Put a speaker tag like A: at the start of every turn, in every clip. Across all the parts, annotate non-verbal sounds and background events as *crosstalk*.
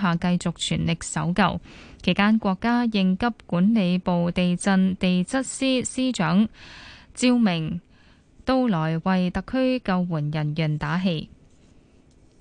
A: 下繼續全力搜救，期間國家應急管理部地震地質司司長趙明都來為特區救援人員打氣。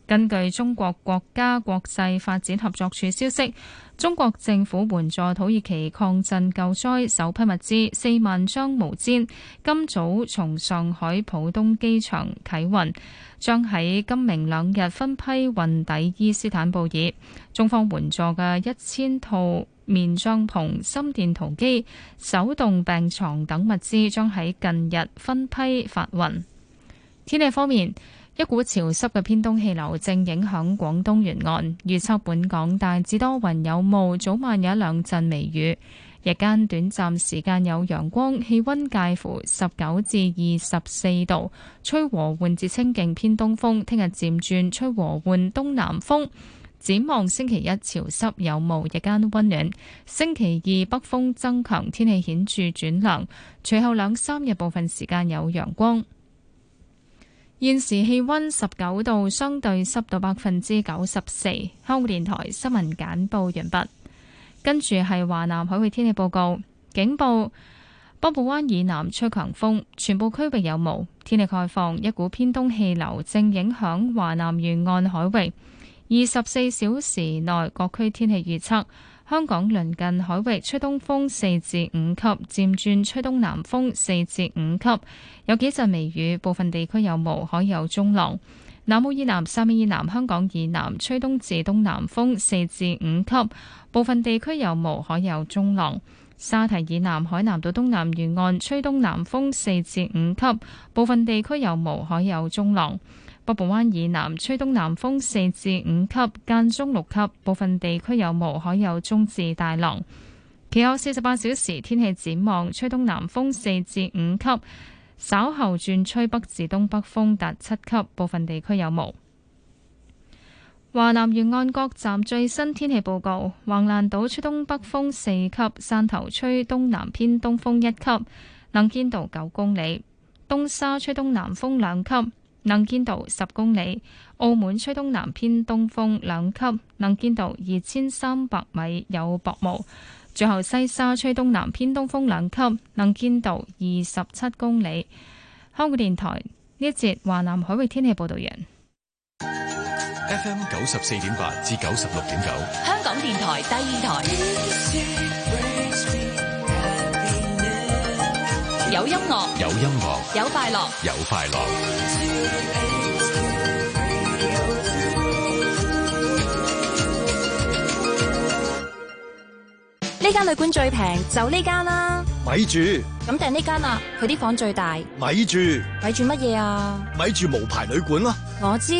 A: 根據中國國家國際發展合作署消息，中國政府援助土耳其抗震救災首批物資四萬張毛毯，今早從上海浦東機場啟運，將喺今明兩日分批運抵伊斯坦布爾。中方援助嘅一千套棉帳篷、心電圖機、手動病牀等物資，將喺近日分批發運。天氣方面。一股潮濕嘅偏東氣流正影響廣東沿岸，預測本港大致多雲有霧，早晚有一兩陣微雨，日間短暫時間有陽光，氣温介乎十九至二十四度，吹和緩至清勁偏東風。聽日漸轉吹和緩東南風。展望星期一潮濕有霧，日間温暖。星期二北風增強，天氣顯著轉冷，隨後兩三日部分時間有陽光。現時氣溫十九度，相對濕度百分之九十四。香港電台新聞簡報完畢。跟住係華南海域天氣報告，警報：北部灣以南吹強風，全部區域有霧，天氣概況。一股偏東氣流正影響華南沿岸海域。二十四小時內各區天氣預測。香港鄰近海域吹東風四至五級，漸轉吹東南風四至五級，有幾陣微雨，部分地區有霧，海有中浪。南澳以南、汕尾以南、香港以南吹東至東南風四至五級，部分地區有霧，海有中浪。沙提以南海南島東南沿岸吹東南風四至五級，部分地區有霧，海有中浪。北部灣以南吹東南風四至五級，間中六級，部分地區有霧，海有中至大浪。其後四十八小時天氣展望吹東南風四至五級，稍後轉吹北至東北風達七級，部分地區有霧。華南沿岸各站最新天氣報告：橫瀾島吹東北風四級，汕頭吹東南偏東風一級，能見度九公里；東沙吹東南風兩級。能見度十公里，澳門吹東南偏東風兩級，能見度二千三百米有薄霧。最後西沙吹東南偏東風兩級，能見度二十七公里。香港電台呢一節華南海域天氣報道員。FM
B: 九十四點八至九十六點
C: 九，
A: 香港電台第二台。DC, 有音樂，
C: 有音樂，
A: 有快樂，有快樂。呢間旅館最平，就呢間啦。
D: 咪住，
A: 咁訂呢間啊？佢啲房最大。
D: 咪住，
A: 咪住乜嘢啊？
D: 咪住
C: 無牌旅館啦。
A: 我知，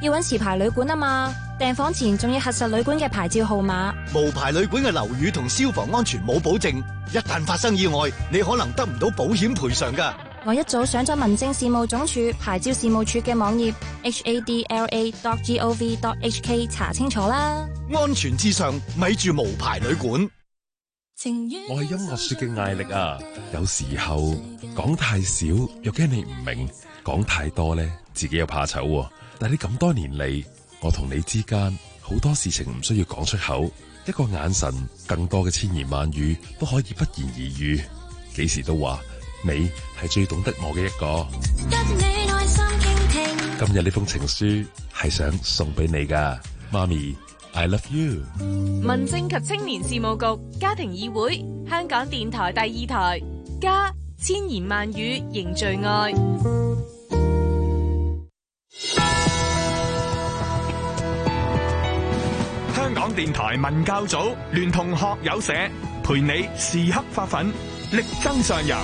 A: 要揾持牌旅館啊嘛。訂房前仲要核實旅館嘅牌照號碼，
C: 無牌旅館嘅樓宇同消防安全冇保證，一旦發生意外，你可能得唔到保險賠償噶。
A: 我一早上咗民政事務總署牌照事務處嘅網頁 h a d l a dot g o v dot h k 查清楚啦。
C: 安全至上，咪住無牌旅館。
A: 情緣
C: 我係音樂說嘅艾力啊，
B: 有時候講太少又驚你唔明，講太多咧自己又怕醜。但係你咁多年嚟。我同你之間好多事情唔需要講出口，一個眼神，更多嘅千言萬語都可以不言而喻。幾時都話你係最懂得我嘅一個。
E: 一停
A: 停
B: 今日呢封情書係想送俾你噶，媽咪，I love you。
A: 民政及青年事務局家庭議會，香港電台第二
E: 台，加千言萬語，凝聚愛。
F: 電台文教組聯同學友社陪你時刻發奮，力爭上游。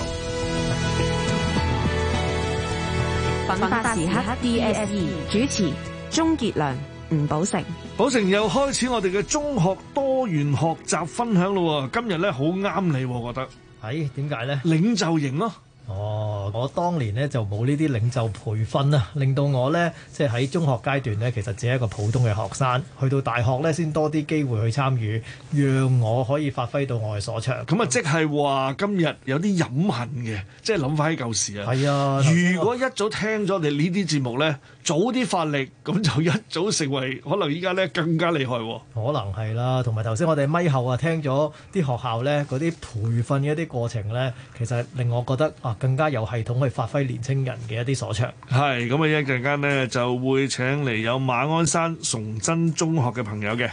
E: 文
A: 化時刻 DSE 主持鍾杰良、吳寶成。
F: 寶成又開始我哋嘅中學多元學習分享啦！今日咧好啱你，我覺得係點
C: 解咧？呢領袖型咯。哦，我當年呢，就冇呢啲領袖培訓啊，令到我呢，即係喺中學階段呢，其實只係一個普通嘅學生。去到大學呢，先多啲機會去參與，讓我可以發揮到我嘅所長。
F: 咁啊，即係話今日有啲飲恨嘅，即係諗翻起舊時啊。係啊，如果一早聽咗你呢啲節目呢。早啲發力，咁就一早成為可能呢？依家咧更加厲害，可
C: 能係啦。同埋頭先，我哋咪後啊，聽咗啲學校咧嗰啲培訓嘅一啲過程咧，其實令我覺得啊，更加有系統去發揮年青人嘅一啲所長。
F: 係咁啊！一陣間咧就會請嚟有馬鞍山崇真中學嘅朋友嘅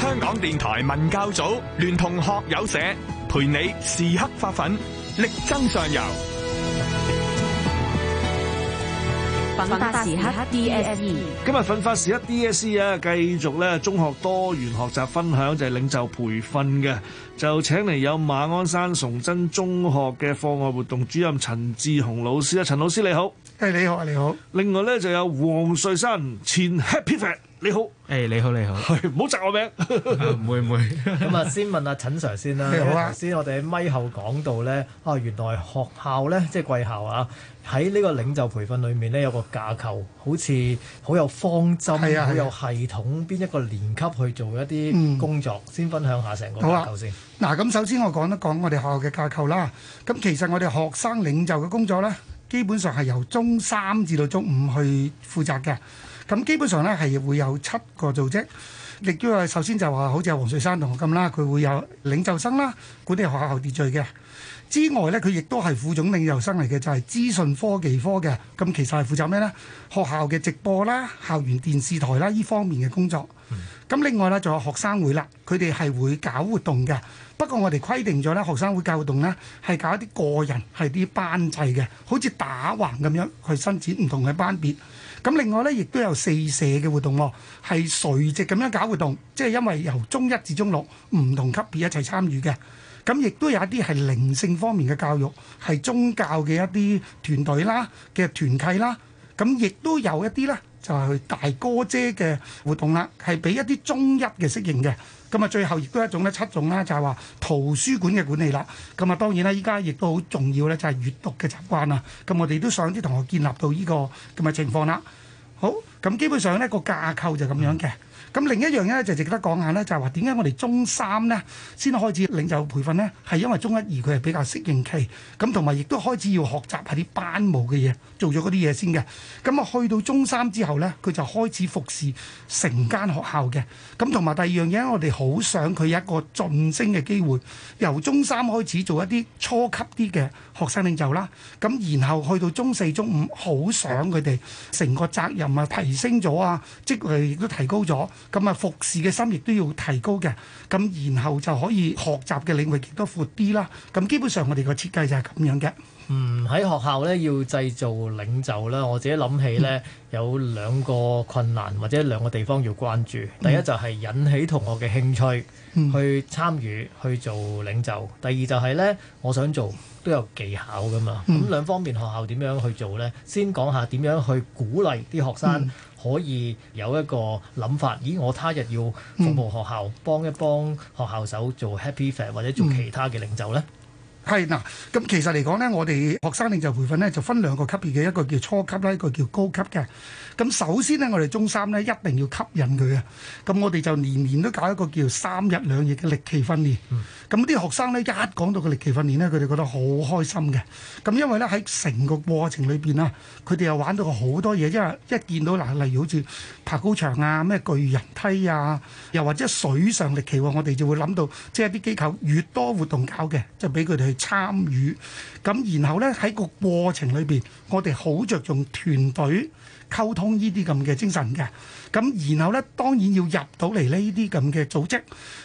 F: 香港電台文教組聯同學友社，陪你時刻發奮，力爭上游。
E: 奮發時刻
F: DSE 今日奮發時刻 DSE 啊，繼續咧中學多元學習分享就係領袖培訓嘅，就請嚟有馬鞍山崇真中學嘅課外活動主任陳志雄老師啊，陳老師你好。誒，你好啊，你好！另外咧，就有黃瑞山前 HappyFriend，你好。
B: 誒，你好，你好。唔
F: 好扎我名。唔會唔會。
C: 咁啊，先問阿陳 Sir 先啦。好啊。先，我哋喺咪後講到咧，啊，原來學校咧，即係貴校啊，喺呢個領袖培訓裏面咧，有個架構，好似好有
D: 方針，好有系統。邊一個年級去做一啲工作，先分享下成個架構先。嗱，咁首先我講一講我哋學校嘅架構啦。咁其實我哋學生領袖嘅工作咧。基本上係由中三至到中五去負責嘅，咁基本上咧係會有七個組織。亦都係首先就話好似黃瑞山同學咁啦，佢會有領袖生啦，管理係學校秩序嘅。之外咧，佢亦都係副總領袖生嚟嘅，就係、是、資訊科技科嘅。咁其實係負責咩咧？學校嘅直播啦、校園電視台啦呢方面嘅工作。咁另外啦，仲有學生會啦，佢哋係會搞活動嘅。不過我哋規定咗咧，學生會教活動咧係搞一啲個人係啲班制嘅，好似打橫咁樣去發展唔同嘅班別。咁另外咧，亦都有四社嘅活動喎，係垂直咁樣搞活動，即係因為由中一至中六唔同級別一齊參與嘅。咁亦都有一啲係靈性方面嘅教育，係宗教嘅一啲團隊啦嘅團契啦。咁亦都有一啲咧，就係去大哥姐嘅活動啦，係俾一啲中一嘅適應嘅。咁啊，最後亦都一種咧七種啦，就係話圖書館嘅管理啦。咁啊，當然啦，依家亦都好重要咧，就係閱讀嘅習慣啦。咁我哋都想啲同學建立到呢個咁嘅情況啦。好，咁基本上呢個架構就咁樣嘅。咁、嗯、另一樣咧就值得講下咧，就係話點解我哋中三咧先開始領袖培訓咧，係因為中一、二佢係比較適應期，咁同埋亦都開始要學習係啲班務嘅嘢。做咗嗰啲嘢先嘅，咁啊去到中三之後咧，佢就開始服侍成間學校嘅。咁同埋第二樣嘢，我哋好想佢有一個晉升嘅機會，由中三開始做一啲初級啲嘅學生領袖啦。咁然後去到中四、中五，好想佢哋成個責任啊提升咗啊，職位亦都提高咗。咁啊服侍嘅心亦都要提高嘅。咁然後就可以學習嘅領域亦都闊啲啦。咁基本上我哋個設計就係咁樣嘅。
C: 嗯，喺學校咧要製造領袖咧，我自己諗起咧有兩個困難或者兩個地方要關注。第一就係引起同學嘅興趣去參與去做領袖。第二就係咧，我想做都有技巧噶嘛。咁、嗯、兩方面學校點樣去做咧？先講下點樣去鼓勵啲學生可以有一個諗法。嗯、咦，我他日要服務學校，幫一幫學校手
D: 做 Happy Fair 或者做其他嘅領袖咧？係嗱，咁其實嚟講咧，我哋學生領袖培訓咧，就分兩個級別嘅，一個叫初級咧，一個叫高級嘅。咁首先咧，我哋中三咧一定要吸引佢啊。咁我哋就年年都搞一個叫三日兩夜嘅歷奇訓練。咁啲學生咧一講到個歷奇訓練咧，佢哋覺得好開心嘅。咁因為咧喺成個過程裏邊啊，佢哋又玩到好多嘢，因為一見到嗱，例如好似爬高牆啊、咩巨人梯啊，又或者水上歷奇喎，我哋就會諗到，即係啲機構越多活動搞嘅，就俾佢哋參與咁，然後呢，喺個過程裏邊，我哋好着重團隊溝通呢啲咁嘅精神嘅，咁然後呢，當然要入到嚟呢啲咁嘅組織，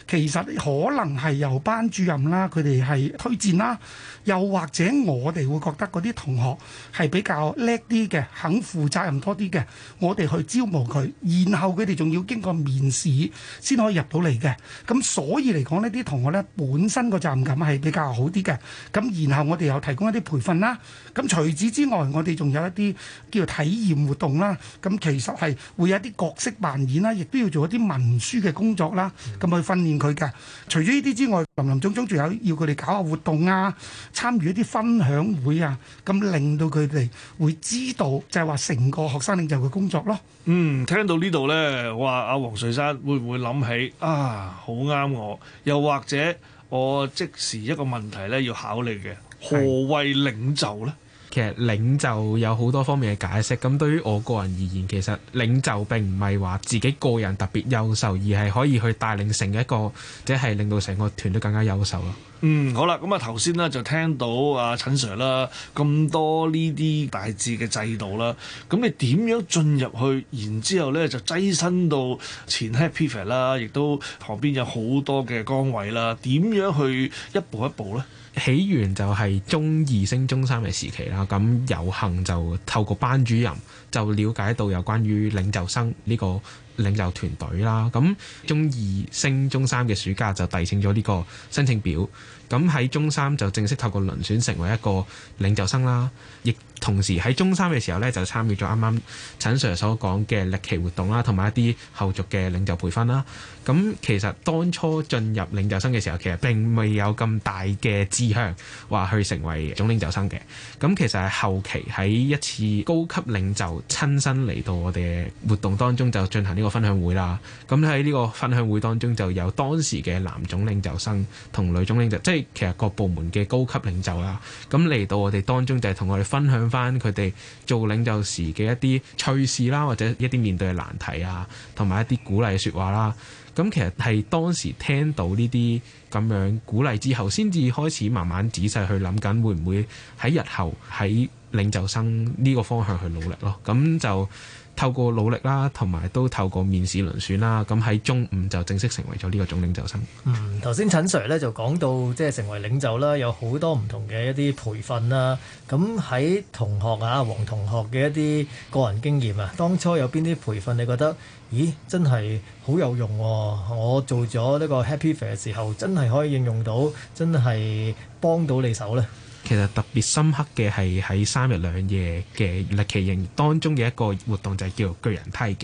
D: 其實可能係由班主任啦，佢哋係推薦啦，又或者我哋會覺得嗰啲同學係比較叻啲嘅，肯負責任多啲嘅，我哋去招募佢，然後佢哋仲要經過面試先可以入到嚟嘅。咁所以嚟講呢，啲同學呢，本身個責任感係比較好啲嘅。咁然後我哋又提供一啲培訓啦。咁除此之外，我哋仲有一啲叫體驗活動。啦，咁其實係會有一啲角色扮演啦，亦都要做一啲文書嘅工作啦，咁去訓練佢㗎。除咗呢啲之外，林林總總仲有要佢哋搞下活動啊，參與一啲分享會啊，咁令到佢哋會知道就係話成個學生領袖嘅工作咯。嗯，
F: 聽到呢度咧，我話阿黃瑞山會唔會諗起啊？好啱我，又或者我即時一個問題咧，要考慮嘅何謂領袖咧？
B: 其實領袖有好多方面嘅解釋，咁對於我個人而言，其實領袖並唔係話自己個人特別優秀，而係可以去帶領成一個，即係令到成個團隊更加優秀咯。
F: 嗯，好啦，咁啊頭先呢就聽到啊陳 Sir 啦咁多呢啲大致嘅制度啦，咁你點樣進入去，然之後呢就躋身到前 head piper 啦，亦都旁邊有好多嘅崗位
B: 啦，點樣去一步一步呢？起源就係中二升中三嘅時期啦，咁有幸就透過班主任就了解到有關於領袖生呢個領袖團隊啦，咁中二升中三嘅暑假就遞請咗呢個申請表。咁喺中三就正式透過輪選成為一個領袖生啦，亦同時喺中三嘅時候咧就參與咗啱啱陳 Sir 所講嘅歷奇活動啦，同埋一啲後續嘅領袖培訓啦。咁其實當初進入領袖生嘅時候，其實並未有咁大嘅志向話去成為總領袖生嘅。咁其實係後期喺一次高級領袖親身嚟到我哋嘅活動當中就進行呢個分享會啦。咁喺呢個分享會當中就有當時嘅男總領袖生同女總領袖即係其實各部門嘅高級領袖啦，咁嚟到我哋當中就係同我哋分享返佢哋做領袖時嘅一啲趣事啦，或者一啲面對嘅難題啊，同埋一啲鼓勵嘅說話啦。咁其實係當時聽到呢啲咁樣鼓勵之後，先至開始慢慢仔細去諗緊會唔會喺日後喺領袖生呢個方向去努力咯。咁就。透過努力啦，同埋都透過面試輪選啦，咁喺中午就正式成為咗呢個總領袖生。嗯，
C: 頭先陳 Sir 咧就講到即係、就是、成為領袖啦，有好多唔同嘅一啲培訓啦。咁喺同學啊，黃同學嘅一啲個人經驗啊，當初有邊啲培訓你覺得？咦，真係好有用喎，啊！我做咗呢個 Happy Fair 嘅時候，真係可以應用到，真係幫到你手呢。
B: 其實特別深刻嘅係喺三日兩夜嘅歷奇營當中嘅一個活動就係叫巨人梯嘅。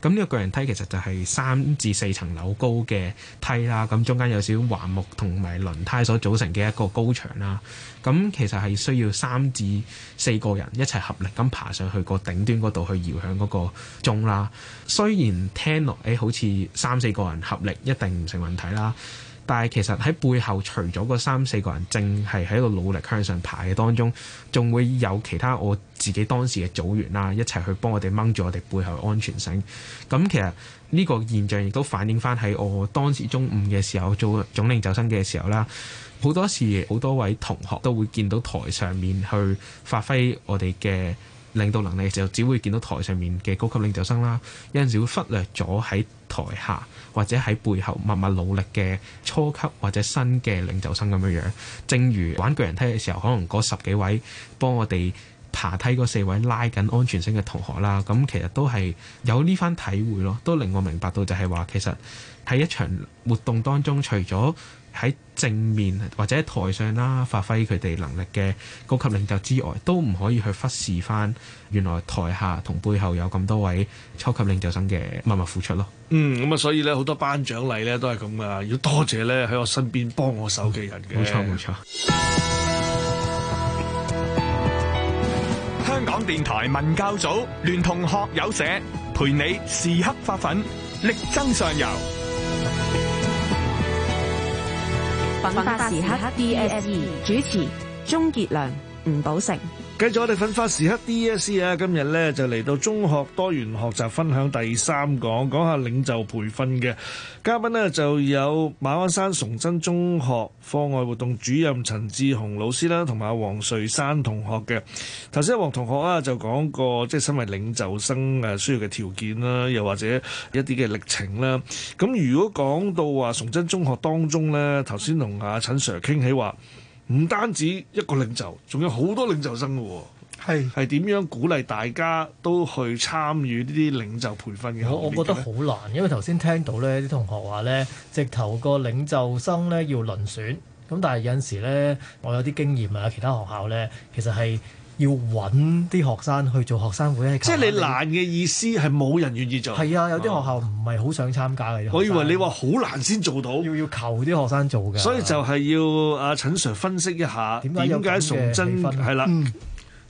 B: 咁呢個巨人梯其實就係三至四層樓高嘅梯啦。咁中間有少少橫木同埋輪胎所組成嘅一個高牆啦。咁其實係需要三至四個人一齊合力咁爬上去個頂端嗰度去搖響嗰個鐘啦。雖然聽落誒，好似三四個人合力一定唔成問題啦。但係其實喺背後，除咗嗰三四個人淨係喺度努力向上爬嘅當中，仲會有其他我自己當時嘅組員啊，一齊去幫我哋掹住我哋背後嘅安全繩。咁其實呢個現象亦都反映翻喺我當時中五嘅時候做總領袖生嘅時候啦。好多時好多位同學都會見到台上面去發揮我哋嘅領導能力就只會見到台上面嘅高級領袖生啦，有陣時會忽略咗喺台下或者喺背後默默努力嘅初級或者新嘅領袖生咁樣樣。正如玩巨人梯嘅時候，可能嗰十幾位幫我哋爬梯，嗰四位拉緊安全繩嘅同學啦，咁其實都係有呢番體會咯，都令我明白到就係話其實喺一場活動當中，除咗喺正面或者台上啦，發揮佢哋能力嘅高級領袖之外，都唔可以去忽視翻原來台下同背後有咁多位超級領袖生嘅默默付出咯。
F: 嗯，咁啊，所以咧好多頒獎禮咧都係咁噶，要多謝咧喺我身邊幫我手嘅人嘅。嗯，冇錯，冇錯。香港電台文教組聯同學友社，陪你時刻發奮，力爭上游。
E: 文化時刻 DSE 主持鍾傑良。吳寶成，
F: 繼續我哋奮發時刻 D.S.C 啊！今日咧就嚟到中學多元學習分享第三講，講下領袖培訓嘅嘉賓呢就有馬鞍山崇真中學課外活動主任陳志雄老師啦，同埋阿黃瑞山同學嘅。頭先阿黃同學啊就講過，即係身為領袖生誒需要嘅條件啦，又或者一啲嘅歷程啦。咁如果講到話崇真中學當中呢，頭先同阿陳 sir 傾起話。唔單止一個領袖，仲有好多領袖生嘅喎，係係點樣鼓勵大家都去參與呢啲領袖培訓
C: 嘅？我覺得好難，因為頭先聽到呢啲同學話呢，直頭個領袖生呢要輪選，咁但係有陣時呢，我有啲經驗啊，其他學校呢，其實係。要揾啲學生去做學生會，即係你難
F: 嘅意思係冇人願意做。係啊，有啲學校
C: 唔係好想參加嘅。啊、學生我以為
F: 你話好難先做到，要要求啲學生做嘅。所以就係要阿陳 Sir 分析一下點解崇真係、嗯、啦。
D: 嗱、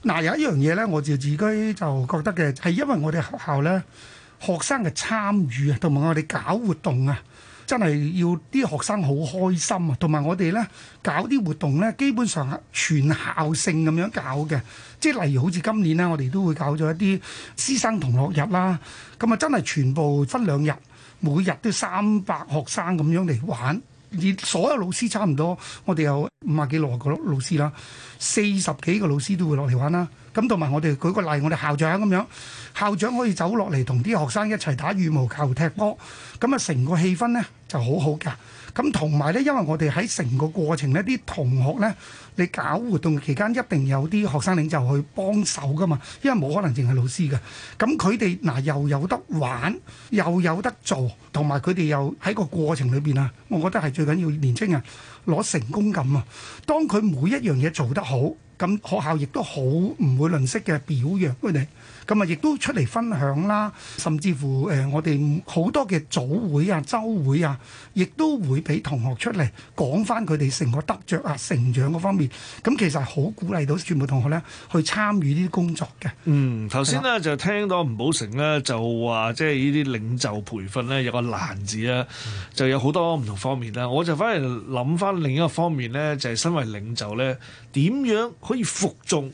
D: 嗯啊，有一樣嘢咧,我自己就覺得嘅係因為我哋學校咧，學生嘅參與同埋我哋搞活動啊。真係要啲學生好開心啊，同埋我哋呢搞啲活動呢，基本上全校性咁樣搞嘅，即係例如好似今年呢，我哋都會搞咗一啲師生同學日啦，咁啊真係全部分兩日，每日都三百學生咁樣嚟玩，而所有老師差唔多，我哋有五十幾六十個老師啦，四十幾個老師都會落嚟玩啦。咁同埋我哋舉個例，我哋校長咁樣，校長可以走落嚟同啲學生一齊打羽毛球、踢球、踢波，咁啊成個氣氛呢就好好㗎。咁同埋呢，因為我哋喺成個過程呢，啲同學呢。你搞活動期間一定有啲學生領袖去幫手噶嘛，因為冇可能淨係老師嘅。咁佢哋嗱又有得玩，又有得做，同埋佢哋又喺個過程裏邊啊，我覺得係最緊要年青人攞成功感啊！當佢每一樣嘢做得好，咁學校亦都好唔會吝嗇嘅表揚佢哋。咁啊，亦都出嚟分享啦，甚至乎誒、呃、我哋好多嘅組會啊、周會啊，亦都會俾同學出嚟講翻佢哋成個得着啊、成長嗰方面。咁其實好鼓勵到全部同學咧去參與呢啲工作嘅。嗯，頭先
F: 咧就聽到吳寶成咧就話，即係呢啲領袖培訓咧有個難字啊，嗯、就有好多唔同方面啦。我就反而諗翻另一個方面咧，就係、是，身為領袖咧，點樣可以服眾？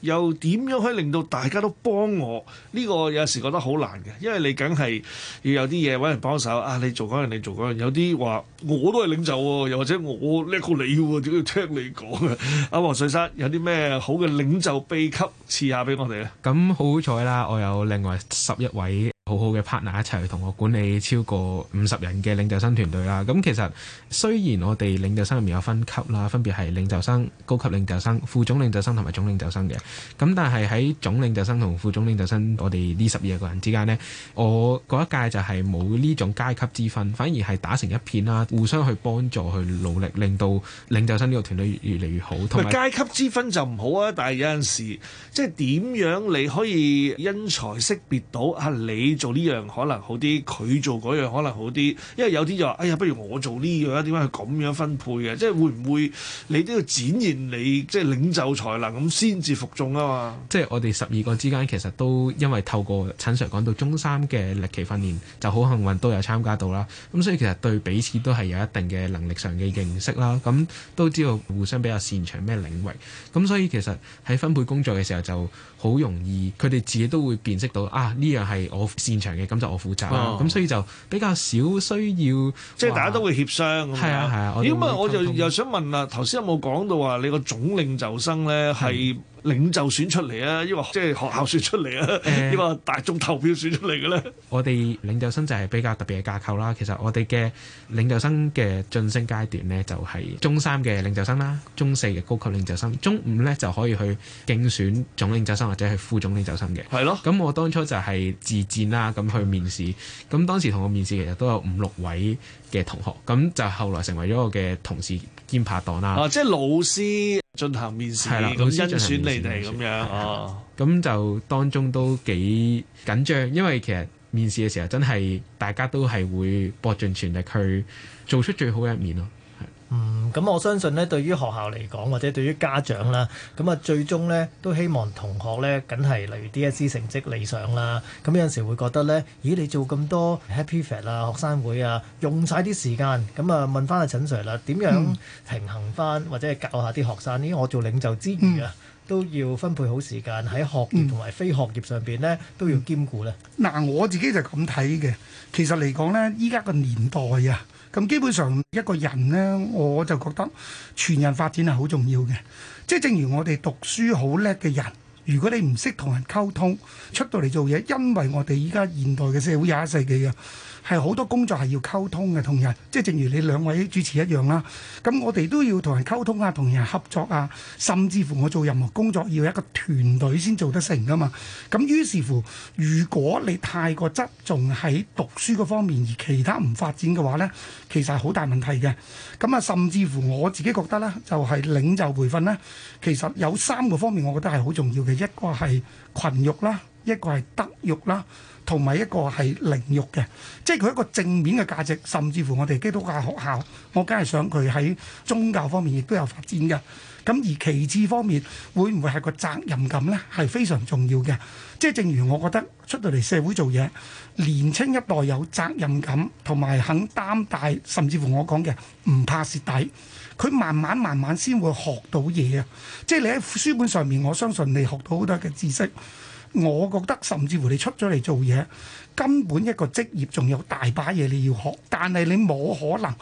F: 又點樣可以令到大家都幫我？呢、這個有時覺得好難嘅，因為你梗係要有啲嘢揾人幫手啊！你做嗰樣，你做嗰樣，有啲話我都係領袖喎，又或者我叻過你喎，點要聽你講啊？阿黃瑞山有啲咩好嘅領袖秘笈，賜下俾我哋咧？
B: 咁、嗯、好彩啦，我有另外十一位，好好嘅 partner 一齊去同我管理超過五十人嘅領袖生團隊啦。咁其實雖然我哋領袖生入面有分級啦，分別係領袖生、高級領袖生、副總領袖生同埋總領袖生嘅。咁但係，喺總領袖生同副總領袖生，我哋呢十二個人之間咧，我嗰一屆就係冇呢種階級之分，反而係打成一片啦，互相去幫助去努力，令到領袖生呢個團隊越嚟越好。同埋階
F: 級之分就唔好啊，但係有陣時即係點樣你可以因材識別到啊你？做呢樣可能好啲，佢做嗰樣可能好啲，因為有啲就話：哎呀，不如我做呢樣啊！點解佢咁樣分
B: 配嘅？即係會唔會你都要展現你即係領袖才能咁先至服眾吖嘛？即係我哋十二個之間其實都因為透過陳 Sir 講到中三嘅歷期訓練，就好幸運都有參加到啦。咁所以其實對彼此都係有一定嘅能力上嘅認識啦。咁都知道互相比較擅長咩領域，咁所以其實喺分配工作嘅時候就，好容易，佢哋自己都會辨識到啊！呢樣係我擅長嘅，咁就我負責啦。咁、哦、所以就比較少需要，即係大家都會協商。係啊係啊。咁啊，我
F: 就又想問啦，頭先有冇講到話你個總領袖生咧係，嗯領袖選出嚟啊，抑或即係學校選出嚟啊，抑或、呃、大眾投票選出嚟嘅咧？
B: 我哋領袖生就係比較特別嘅架構啦。其實我哋嘅領袖生嘅晉升階段呢，就係中三嘅領袖生啦，中四嘅高級領袖生，中五呢就可以去競選總領袖生或者係副總領袖生嘅。係咯的。咁我當初就係自薦啦，咁去面試。咁當時同我面試其實都有五六位嘅同學，咁就後來成為咗我嘅同事兼拍檔啦。即係、啊
F: 即係、老師。進行面試，係啦了，咁甄選你哋咁樣，
B: 哦，咁就當中都幾緊張，因為其實面試嘅時候真係大家都係會搏盡全力去做出最好嘅一面咯。
C: 嗯，咁我相信咧，對於學校嚟講，或者對於家長啦，咁啊，最終呢都希望同學呢，梗係例如 DSE 成績理想啦。咁有陣時會覺得咧，咦、嗯，你做咁多 Happy Fat 啊、學生會啊，用晒啲時間，咁啊、嗯，問翻阿陳 Sir 啦，點樣平衡翻或者係教下啲學生呢？因為我做領袖之餘啊，都要分配
D: 好時間喺學業同埋非學業上邊呢，都要兼顧呢。嗱、嗯，我自己就咁睇嘅。其實嚟講呢，依家個年代啊。咁基本上一個人呢，我就覺得全人發展係好重要嘅。即係正如我哋讀書好叻嘅人，如果你唔識同人溝通，出到嚟做嘢，因為我哋依家現代嘅社會廿一世紀啊。係好多工作係要溝通嘅，同人即係正如你兩位主持一樣啦。咁我哋都要同人溝通啊，同人合作啊，甚至乎我做任何工作要一個團隊先做得成噶嘛。咁於是乎，如果你太過側重喺讀書嗰方面，而其他唔發展嘅話咧，其實係好大問題嘅。咁啊，甚至乎我自己覺得咧，就係領袖培訓咧，其實有三個方面，我覺得係好重要嘅。一個係群育啦。一個係德育啦，同埋一個係靈育嘅，即係佢一個正面嘅價值，甚至乎我哋基督教學校，我梗係想佢喺宗教方面亦都有發展嘅。咁而其次方面，會唔會係個責任感呢？係非常重要嘅。即係正如我覺得出到嚟社會做嘢，年青一代有責任感同埋肯擔戴，甚至乎我講嘅唔怕蝕底，佢慢慢慢慢先會學到嘢啊！即係你喺書本上面，我相信你學到好多嘅知識。我覺得甚至乎你出咗嚟做嘢，根本一個職業仲有大把嘢你要學，但係你冇可能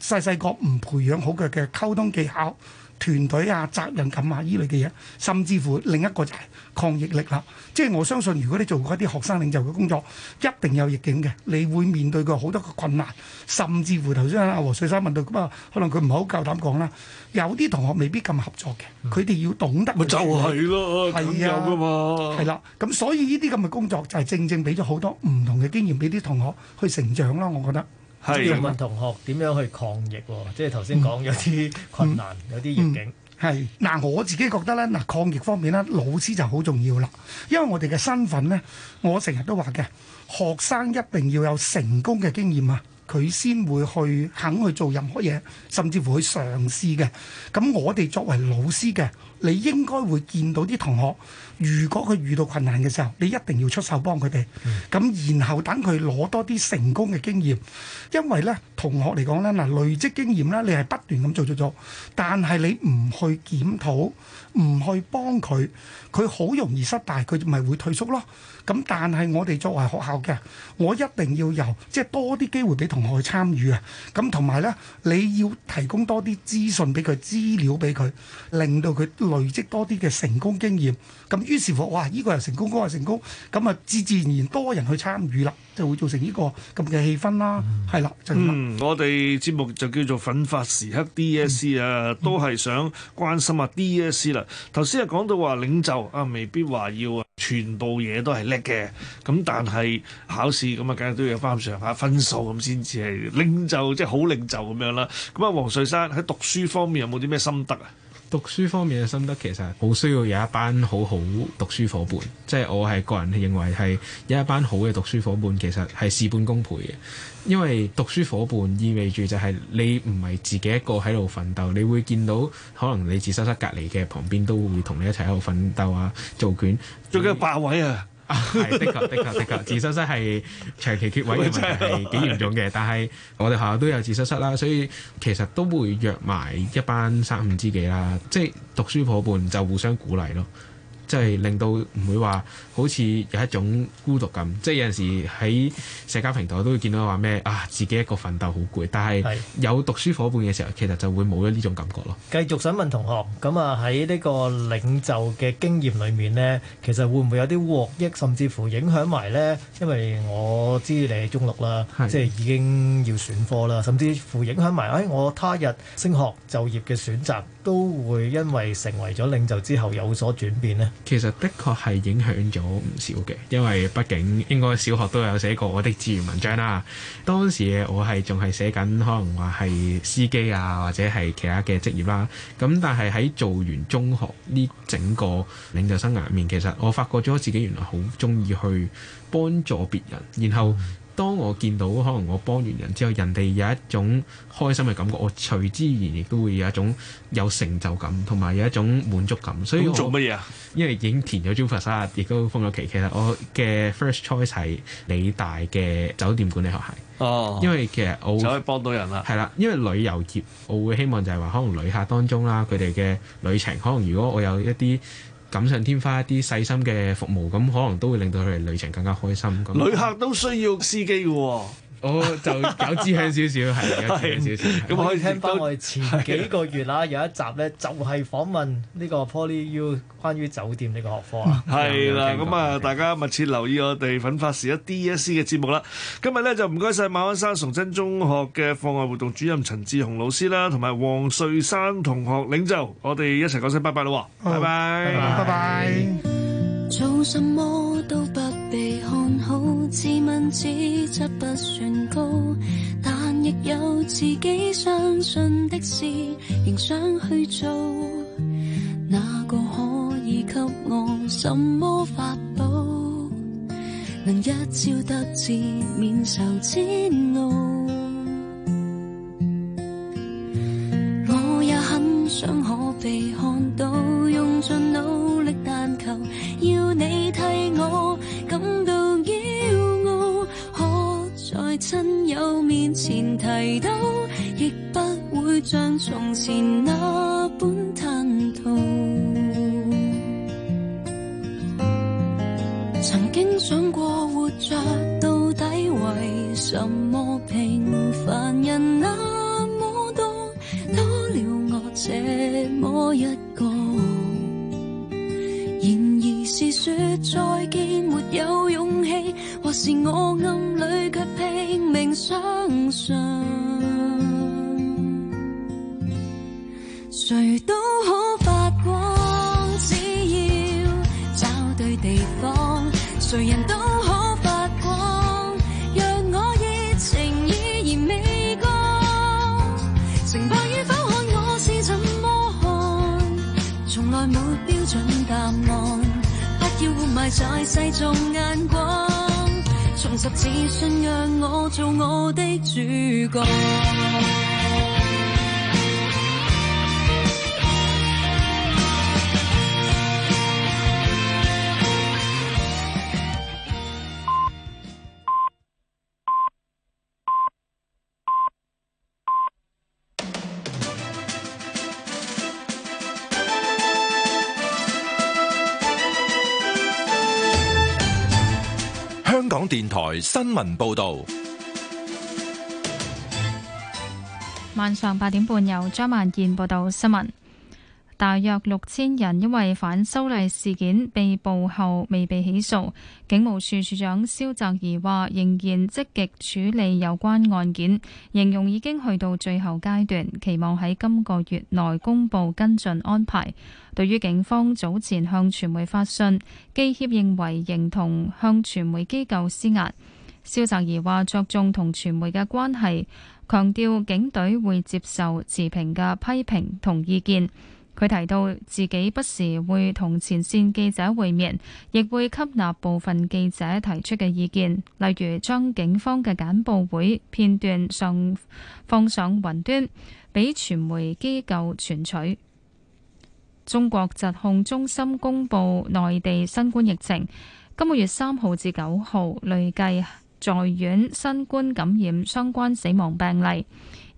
D: 細細個唔培養好佢嘅溝通技巧。團隊啊、責任感啊依類嘅嘢，甚至乎另一個就係抗逆力啦。即係我相信，如果你做過一啲學生領袖嘅工作，一定有逆境嘅，你會面對過好多個困難，甚至乎頭先阿黃瑞山問到咁啊，可能佢唔係好夠膽講啦。有啲同學未必咁合作嘅，佢哋、嗯、要懂得。咪就係咯，係啊嘛，係啦、啊。咁所以呢啲咁嘅工作就係、是、正正俾咗好多唔同嘅經驗俾啲同學去成長咯，我覺得。即係要問
C: 同學點樣去抗疫喎、哦？即係頭先講有啲困難，嗯、有啲逆境。
D: 係嗱、嗯，我自己覺得咧，嗱，抗疫方面咧，老師就好重要啦。因為我哋嘅身份咧，我成日都話嘅，學生一定要有成功嘅經驗啊。佢先會去肯去做任何嘢，甚至乎去嘗試嘅。咁我哋作為老師嘅，你應該會見到啲同學，如果佢遇到困難嘅時候，你一定要出手幫佢哋。咁、嗯、然後等佢攞多啲成功嘅經驗，因為咧同學嚟講咧，嗱，累積經驗咧，你係不斷咁做做做，但係你唔去檢討，唔去幫佢，佢好容易失敗，佢咪會退縮咯。咁但係我哋作為學校嘅，我一定要有即係多啲機會俾同學去參與啊！咁同埋咧，你要提供多啲資訊俾佢，資料俾佢，令到佢累積多啲嘅成功經驗，咁於是乎，哇！呢個又成功，嗰個又成功，咁啊，自自然然多人去參與啦，就會造成呢個咁嘅氣氛啦。係啦、嗯，就嗯，
F: 我哋節目就叫做奮發時刻 DSC 啊、嗯，都係想關心啊 DSC 啦。頭先又講到話領袖啊，未必話要啊全部嘢都係叻。嘅咁，但係考試咁啊，梗係都要有翻上下分數咁先至係領袖，即係好領袖咁樣啦。咁啊，黃瑞山喺讀書方面有冇啲咩心得啊？讀書方面嘅心得，其實
B: 好需要有一班好好讀書伙伴。即係我係個人認為係有一班好嘅讀書伙伴，其實係事半功倍嘅。因為讀書伙伴意味住就係你唔係自己一個喺度奮鬥，你會見到可能你自修室隔離嘅旁邊都會同你一齊喺度奮鬥啊，做卷，仲有八位啊！係的確、的確、的確，的確、的確 *laughs* 自修室係長期缺位嘅問題係幾嚴重嘅。 *laughs* 但係我哋學校都有自修室啦，所以其實都會約埋一班三五知己啦，即、就、係、是、讀書伙伴就互相鼓勵咯。即係令到唔會話好似有一種孤獨感。即係有陣時喺社交平台都會見到話咩啊，自己一個奮鬥好攰，但係有讀書伙伴嘅時候，其實就會冇咗呢種感覺咯。
C: 繼續想問同學，咁啊喺呢個領袖嘅經驗裏面呢，其實會唔會有啲獲益，甚至乎影響埋呢？因為我知你係中六啦，的即係已經要選科啦，甚至乎影響埋喺、哎、我他日升學就業嘅選擇，都會因為成為咗領袖之後有所轉變呢？其實的確係影響咗唔少嘅，
B: 因為畢竟應該小學都有寫過我的志願文章啦。當時我係仲係寫緊可能話係司機啊，或者係其他嘅職業啦。咁但係喺做完中學呢整個領袖生涯入面，其實我發覺咗自己原來好鍾意去幫助別人，然後、嗯。當我見到可能我幫完人之後，人哋有一種開心嘅感覺，我隨之而亦都會有一種有成就感同埋有一種滿足感，所以都做乜嘢啊？因為已經填咗 JUPAS 亦都封咗期期啦。其實我嘅 first choice 係理大嘅酒店管理學系。哦，oh，因為其實我就可以幫到人啦。係啦，因為旅遊業，我會希望就係話，可能旅客當中啦，佢哋嘅旅程，可能如果我有一啲。錦上添花一啲細心嘅服務，咁可能都會令到佢哋旅程更加開心。咁旅客
F: 都需要司機嘅，哦。好就搞知香少少，係知香少少。咁可以聽翻
C: 我哋前幾個月啦，有一集咧就係訪問呢個 PolyU 關於酒店呢個學科啊。
F: 係啦，咁啊大家密切留意我哋粉發時一 DSC 嘅節目啦。今日咧就唔該曬馬鞍山崇真中學嘅課外活動主任陳志雄老師啦，同埋黃瑞山同學領袖，我哋一齊講聲拜拜啦，喎，拜
D: 拜，拜拜。
E: 做什麼都不被。自問資質不算高，但亦有自己相信的事，仍想去做。那個可以給我什麼法寶，能一朝得志免受煎熬？我也很想看。從前那般探討，曾經想過活着到底為什麼？平凡人那麼多，多了我這麼一個。然而是說再見沒有勇氣，或是我暗。誰人都可發光，若我熱情依然未過，成敗與否看我是怎麼看，從來沒標準答案，不要活埋在世俗眼光，重拾自信，讓我做我的主角。
B: 香港電台新聞報道。
A: 晚上八點半，由張萬燕報道新聞。大約六千人因為反修例事件被捕後未被起訴。警務處處長蕭澤頤話：仍然積極處理有關案件，形容已經去到最後階段，期望喺今個月內公布跟進安排。對於警方早前向傳媒發信，記協認為認同向傳媒機構施壓，蕭澤頤話：着重同傳媒嘅關係，強調警隊會接受持平嘅批評同意見。佢提到自己不時會同前線記者會面，亦會吸納部分記者提出嘅意見，例如將警方嘅簡報會片段上放上雲端，俾傳媒機構存取。中國疾控中心公布內地新冠疫情，今個月三號至九號累計在院新冠感染相關死亡病例。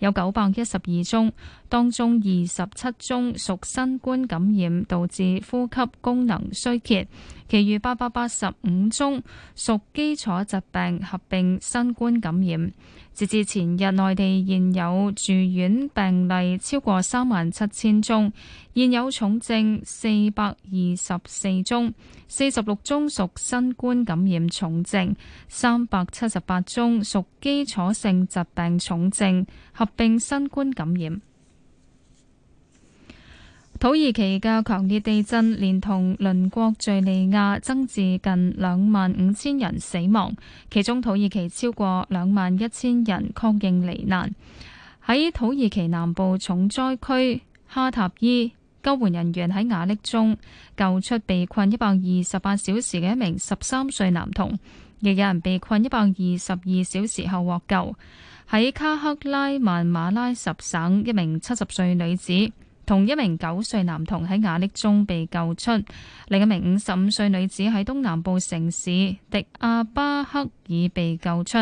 A: 有九百一十二宗，當中二十七宗屬新冠感染導致呼吸功能衰竭，其餘八百八十五宗屬基礎疾病合併新冠感染。截至前日，內地現有住院病例超過三萬七千宗，現有重症四百二十四宗，四十六宗屬新冠感染重症，三百七十八宗屬基礎性疾病重症，合併新冠感染。土耳其嘅強烈地震連同鄰國敘利亞，增至近兩萬五千人死亡，其中土耳其超過兩萬一千人確認罹難。喺土耳其南部重災區哈塔伊，救援人員喺瓦礫中救出被困一百二十八小時嘅一名十三歲男童，亦有人被困一百二十二小時後獲救。喺卡克拉曼馬拉什省，一名七十歲女子，同一名九歲男童喺瓦礫中被救出，另一名五十五歲女子喺東南部城市迪亞巴克爾被救出。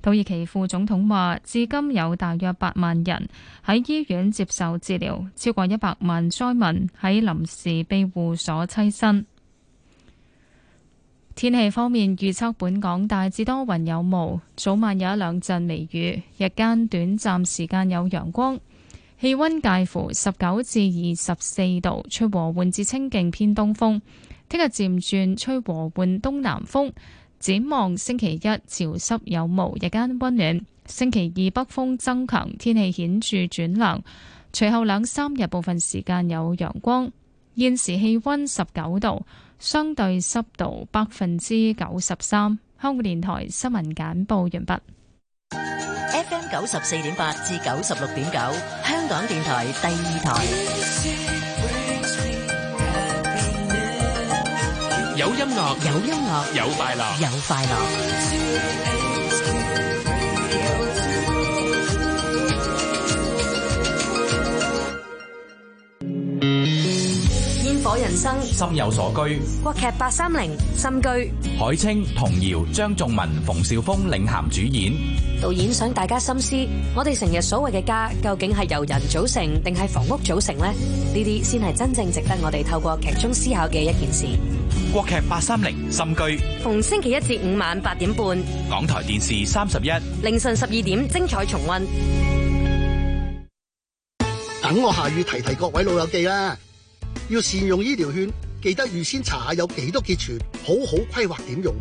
A: 土耳其副總統話：至今有大約八萬人喺醫院接受治療，超過一百萬災民喺臨時庇護所棲身。天氣方面預測，預測本港大致多雲有霧，早晚有一兩陣微雨，日間短暫時間有陽光。氣溫介乎十九至二十四度，吹和緩至清勁偏東風。聽日漸轉吹和緩東南風，展望星期一潮濕有霧，日間溫暖。星期二北風增強，天氣顯著轉涼。隨後兩三日部分時間有陽光。現時氣溫十九度，相對濕度百分之九十三。香港電台新聞簡報完畢。
E: FM 九十四點八至九十六點九，香港電台
B: 第二台。有音樂，有音樂，有快樂，有快樂。我人生心有所居，國
E: 劇八三零心居，
B: 海清、童瑤、張仲文、馮紹峰領銜主演，
E: 導演想大家深思：我哋成日所謂嘅家，究竟係由人組成定係房屋組成呢？呢啲先係真正值得我哋透過劇中思考嘅一件事。
B: 國劇八三零心居，
E: 逢星期一至五晚八點半，
B: 港台電視三十一，
E: 凌晨十二點精彩重溫。
D: 等我下雨提提各位老友記啦。要善用醫療券，記得預先查下有幾多結存，好好規劃點用。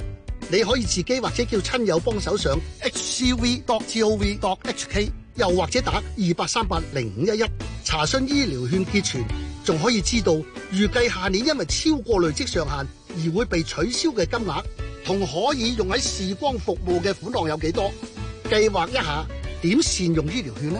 D: 你可以自己或者叫親友幫手上 hcv.gov.hk，又或者打二八三八零五一一查詢醫療券結存，仲可以知道預計下年因為超過累積上限而會被取消嘅金額，同可以用喺視光服務嘅款項有幾多，計劃一下點善用醫療券呢？